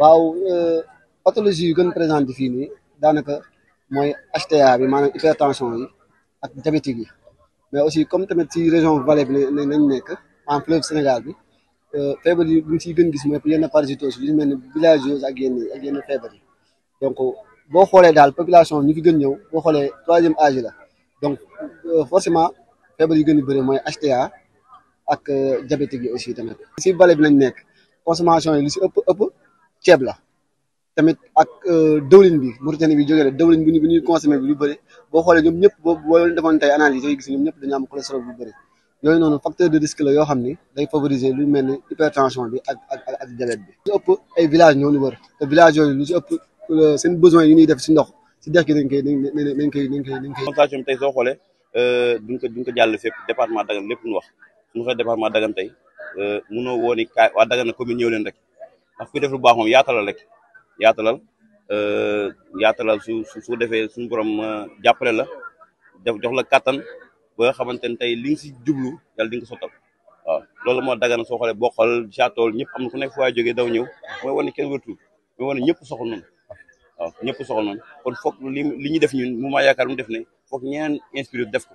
waaw euh, pathologie yu gën présente fii nii daanaka mooy HTA bi maanaam hypertension yi ak diabétique yi mais aussi comme tamit si région vallée bi nañ nekk en fleuve Sénégal bi euh, feebar yi buñ si gën gis mooy yenn parasitose yu mel ni bilharziose ak yenn ak yenn feebar yi donc boo xoolee daal population ñu fi gën ñëw boo xoolee troisième âge la donc euh, forcément feebar yi gën a bëri mooy HTA ak diabétique yi aussi tamit. ci vallée bi lañ nekk consommation yi ceeb la tamit ak euh, dëwlin bi Mauritanie bi jógee la dëwlin bu ñu bu ñuy consommé bi lu bëri boo xoolee ñoom ñëpp boo boo leen defoon tey analyse yooyu gis ñoom ñëpp dañu facteur de risque la yoo xam ni day favoriser lu mel ni hypertension bi ak ak ak diabète bi. lu ëpp ay village ñoo ñu wër te village yooyu lu ci ëpp seen besoin yi ñuy def si ndox si dex gi dañ koy dañ dañ koy dañ koy dañ koy. constatation bi tey soo xoolee euh, duñ ko duñ ko jàll fépp département Dagana lépp ñu wax suñu xoolee département Dagana tey euh, woo ni kaay waa Dagana commune ñëw leen rek ndax ku def lu baax moom yaatalal rek yaatalal euh, yaatalal su su defee suñu borom euh, jàppale la def jox la kàttan ba nga xamante ne tey li si jublu yàlla di nga ko sottal waaw loolu moo dagana soo xoolee boo xool chatool ñëpp am na ku nekk fu waay jógee daw ñëw mooy wane kenn wërtu mooy wane ñëpp soxal noonu ñëpp soxal noonu kon foog li li ñuy def ñun mu ma yaakaar mu def ne foog ñeneen inspiré def ko